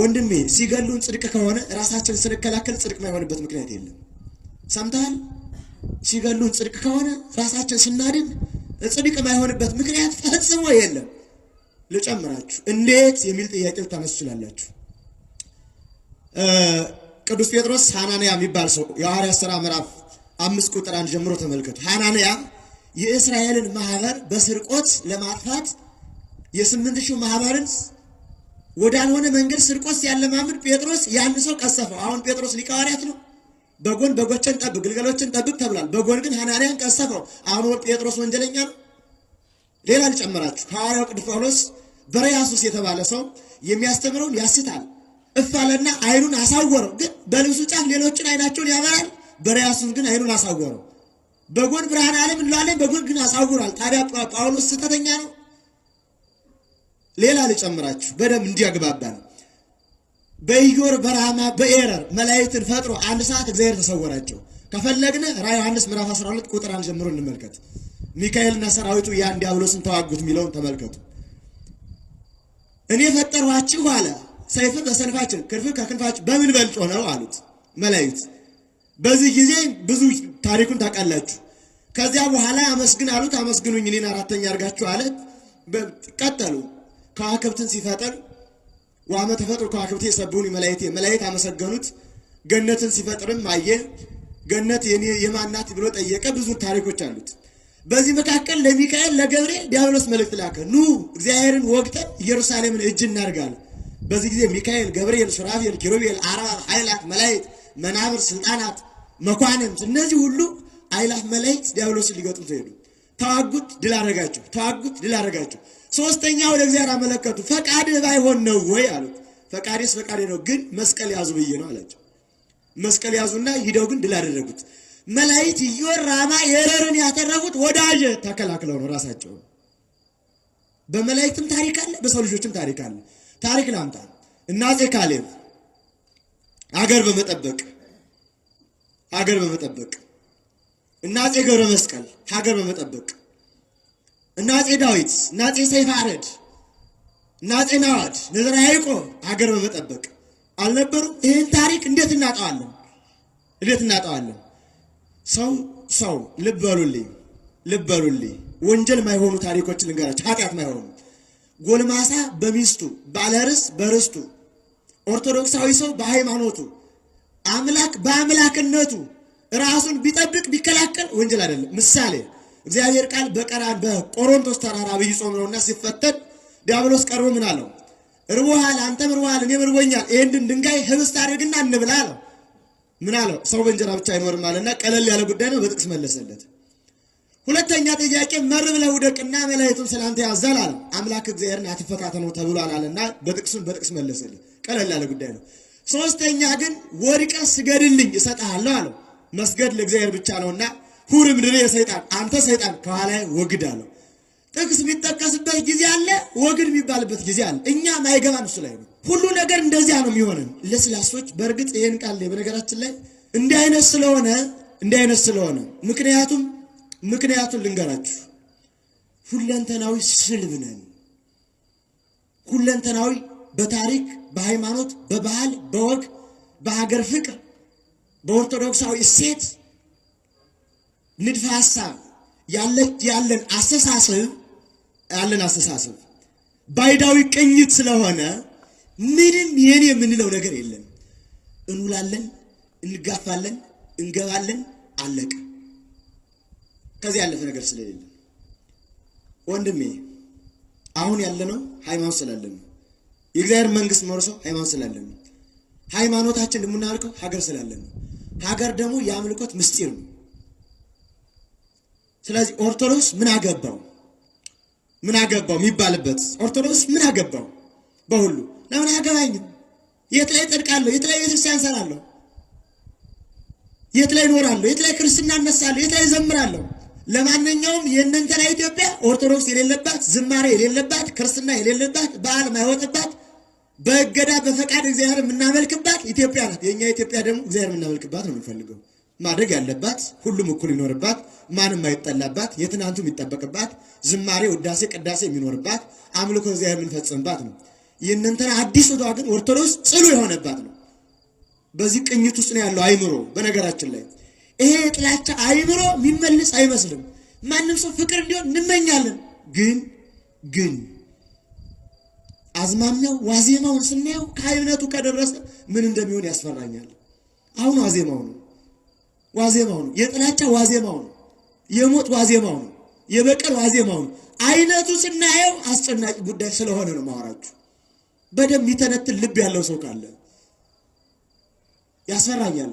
ወንድሜ ሲገሉን ጽድቅ ከሆነ ራሳችን ስንከላከል ጽድቅ የማይሆንበት ምክንያት የለም። ሰምተሃል? ሲገሉን ጽድቅ ከሆነ ራሳችን ስናድን ጽድቅ ማይሆንበት ምክንያት ፈጽሞ የለም። ልጨምራችሁ እንዴት የሚል ጥያቄ ልታነሱ ቅዱስ ጴጥሮስ ሐናንያ የሚባል ሰው የሐዋርያት ሥራ ምዕራፍ አምስት ቁጥር አንድ ጀምሮ ተመልከቱ። ሐናንያ የእስራኤልን ማህበር በስርቆት ለማጥፋት የስምንት ሺህ ማህበርን ወዳልሆነ መንገድ ስርቆስ ሲያለማምድ ጴጥሮስ ያን ሰው ቀሰፈው። አሁን ጴጥሮስ ሊቀ ሐዋርያት ነው። በጎን በጎችን ጠብቅ፣ ግልገሎችን ጠብቅ ተብሏል። በጎን ግን ሐናንያን ቀሰፈው። አሁን ጴጥሮስ ወንጀለኛ ነው። ሌላ ልጨምራችሁ። ሐዋርያው ቅዱስ ጳውሎስ በረያሱስ የተባለ ሰው የሚያስተምረውን ያስታል። እፋለና አይኑን አሳወረው። ግን በልብሱ ጫፍ ሌሎችን አይናቸውን ያበራል፣ በረያሱስ ግን አይኑን አሳወረው። በጎን ብርሃን ዓለም እንለዋለን፣ በጎን ግን አሳውሯል። ታዲያ ጳውሎስ ስህተተኛ ነው። ሌላ ልጨምራችሁ በደንብ እንዲያግባባ ነው። በኢዮር በራማ በኤረር መላእክትን ፈጥሮ አንድ ሰዓት እግዚአብሔር ተሰወራቸው። ከፈለግነ ራዕይ ዮሐንስ ምዕራፍ 12 ቁጥር አንድ ጀምሮ እንመልከት። ሚካኤልና ሰራዊቱ ያን ዲያብሎስን ተዋጉት የሚለውን ተመልከቱ። እኔ ፈጠሯችሁ አለ። ሰይፍ ከሰንፋችን ክንፍን ከክንፋችን በምን በልጦ ነው አሉት መላእክት። በዚህ ጊዜ ብዙ ታሪኩን ታውቃላችሁ። ከዚያ በኋላ አመስግን አሉት። አመስግኑኝ እኔን አራተኛ አድርጋችሁ አለ። ቀጠሉ ከዋክብትን ሲፈጥር ዋመ ተፈጥሮ ከዋክብት የሰቡን መላእክት መላእክት አመሰገኑት። ገነትን ሲፈጥርም አየ ገነት የኔ የማናት ብሎ ጠየቀ። ብዙ ታሪኮች አሉት። በዚህ መካከል ለሚካኤል ለገብርኤል ዲያብሎስ መልእክት ላከ። ኑ እግዚአብሔርን ወግተን ኢየሩሳሌምን እጅ እናድርጋለን። በዚህ ጊዜ ሚካኤል፣ ገብርኤል፣ ሱራፌል፣ ኪሩቤል፣ አርባብ፣ ኃይላት መላእክት፣ መናብር፣ ስልጣናት፣ መኳንንት እነዚህ ሁሉ ኃይላት መላእክት ዲያብሎስን ሊገጥሙት ሄዱ። ተዋጉት፣ ድል አደረጋቸው። ተዋጉት፣ ድል ሶስተኛው ወደ እግዚአብሔር አመለከቱ። ፈቃድ ባይሆን ነው ወይ አሉት። ፈቃዴስ ፈቃዴ ነው፣ ግን መስቀል ያዙ ብዬ ነው አላቸው። መስቀል ያዙና ሂደው ግን ድል አደረጉት። መላእክት ኢዮራማ የረርን ያተረፉት ወዳጅ ተከላክለው ነው ራሳቸው። በመላእክትም ታሪክ አለ፣ በሰው ልጆችም ታሪክ አለ። ታሪክ ላምጣ እና ካሌብ አገር በመጠበቅ አገር በመጠበቅ እና አፄ ገብረ መስቀል ሀገር በመጠበቅ እና አጼ ዳዊት እና አጼ ሰይፈ አረድ እና አጼ ናዋድ ንዝራ ያዕቆብ ሀገር በመጠበቅ አልነበሩ? ይህን ታሪክ እንዴት እናጠዋለን? እንዴት እናጠዋለን? ሰው ሰው ልበሉልኝ፣ ልበሉልኝ ወንጀል ማይሆኑ ታሪኮችን ልንገራቸው፣ ኃጢአት ማይሆኑ ጎልማሳ በሚስቱ ባለርስ በርስቱ ኦርቶዶክሳዊ ሰው በሃይማኖቱ አምላክ በአምላክነቱ ራሱን ቢጠብቅ ቢከላከል ወንጀል አይደለም። ምሳሌ እግዚአብሔር ቃል በቀራ በቆሮንቶስ ተራራ አብይ ጾም ነውና ሲፈተን ዲያብሎስ ቀርቦ ምን አለው? እርቦሃል፣ አንተም እርቦሃል፣ እኔም እርቦኛል። ይህንን ድንጋይ ህብስት አድርግና እንብላ አለው። ምን አለው? ሰው በእንጀራ ብቻ አይኖርም አለና ቀለል ያለ ጉዳይ ነው፣ በጥቅስ መለሰለት። ሁለተኛ ጥያቄ መር ብለህ ውደቅና መላእክቱም ስላንተ ያዛል አለ። አምላክ እግዚአብሔርን አትፈታተነው ተብሏል አለና በጥቅሱን በጥቅስ መለሰለት። ቀለል ያለ ጉዳይ ነው። ሶስተኛ ግን ወድቀህ ስገድልኝ እሰጥሃለሁ አለው። መስገድ ለእግዚአብሔር ብቻ ነውና ሁር ምድር የሰይጣን አንተ ሰይጣን ከኋላ ወግድ አለው። ጥቅስ የሚጠቀስበት ጊዜ አለ፣ ወግድ የሚባልበት ጊዜ አለ። እኛ ማይገባን እሱ ላይ ነው። ሁሉ ነገር እንደዚያ ነው የሚሆነን። ለስላሶች በእርግጥ ይህን ቃል በነገራችን ላይ እንዲህ አይነት ስለሆነ እንዲህ አይነት ስለሆነ ምክንያቱም ምክንያቱን ልንገራችሁ ሁለንተናዊ ስልብ ነን። ሁለንተናዊ በታሪክ በሃይማኖት፣ በባህል፣ በወግ፣ በሀገር ፍቅር፣ በኦርቶዶክሳዊ እሴት ንድፈ ሐሳብ ያለን አስተሳሰብ ያለን አስተሳሰብ ባይዳዊ ቅኝት ስለሆነ ምንም የኔ የምንለው ነገር የለም። እንውላለን፣ እንጋፋለን፣ እንገባለን፣ አለቀ። ከዚህ ያለፈ ነገር ስለሌለ ወንድሜ አሁን ያለነው ሃይማኖት ስላለን የእግዚአብሔር መንግስት መርሰው ሃይማኖት ስላለን ሃይማኖታችን የምናልቀው ሀገር ስላለን ሀገር ደግሞ የአምልኮት ምስጢር ነው። ስለዚህ ኦርቶዶክስ ምን አገባው ምን አገባው የሚባልበት ኦርቶዶክስ ምን አገባው በሁሉ ለምን አያገባኝም? የት ላይ ጠድቃለሁ? የት ላይ ቤተክርስቲያን ሰራለሁ? የት ላይ እኖራለሁ? የት ላይ ክርስትና እነሳለሁ? የት ላይ ዘምራለሁ? ለማንኛውም የእነንተና ኢትዮጵያ ኦርቶዶክስ የሌለባት ዝማሬ የሌለባት ክርስትና የሌለባት በዓል ማይወጥባት በእገዳ በፈቃድ እግዚአብሔር የምናመልክባት ኢትዮጵያ ናት። የእኛ ኢትዮጵያ ደግሞ እግዚአብሔር የምናመልክባት ነው የምንፈልገው። ማደግ ያለባት ሁሉም እኩል ይኖርባት፣ ማንም አይጠላባት፣ የትናንቱ የሚጠበቅባት ዝማሬ፣ ውዳሴ፣ ቅዳሴ የሚኖርባት አምልኮ እዚያ የምንፈጽምባት ነው። ይህንንተና አዲስ ወደዋ ግን ኦርቶዶክስ ጽሉ የሆነባት ነው። በዚህ ቅኝት ውስጥ ነው ያለው አይምሮ። በነገራችን ላይ ይሄ የጥላቻ አይምሮ የሚመልስ አይመስልም። ማንም ሰው ፍቅር እንዲሆን እንመኛለን። ግን ግን አዝማሚያው ዋዜማውን ስናየው ከአይነቱ ከደረሰ ምን እንደሚሆን ያስፈራኛል። አሁን ዋዜማው ነው ዋዜማው ነው። የጥላቻ ዋዜማው ነው። የሞት ዋዜማው ነው። የበቀል ዋዜማው ነው። አይነቱ ስናየው አስጨናቂ ጉዳይ ስለሆነ ነው ማወራችሁ። በደንብ የሚተነትን ልብ ያለው ሰው ካለ ያስፈራኛል።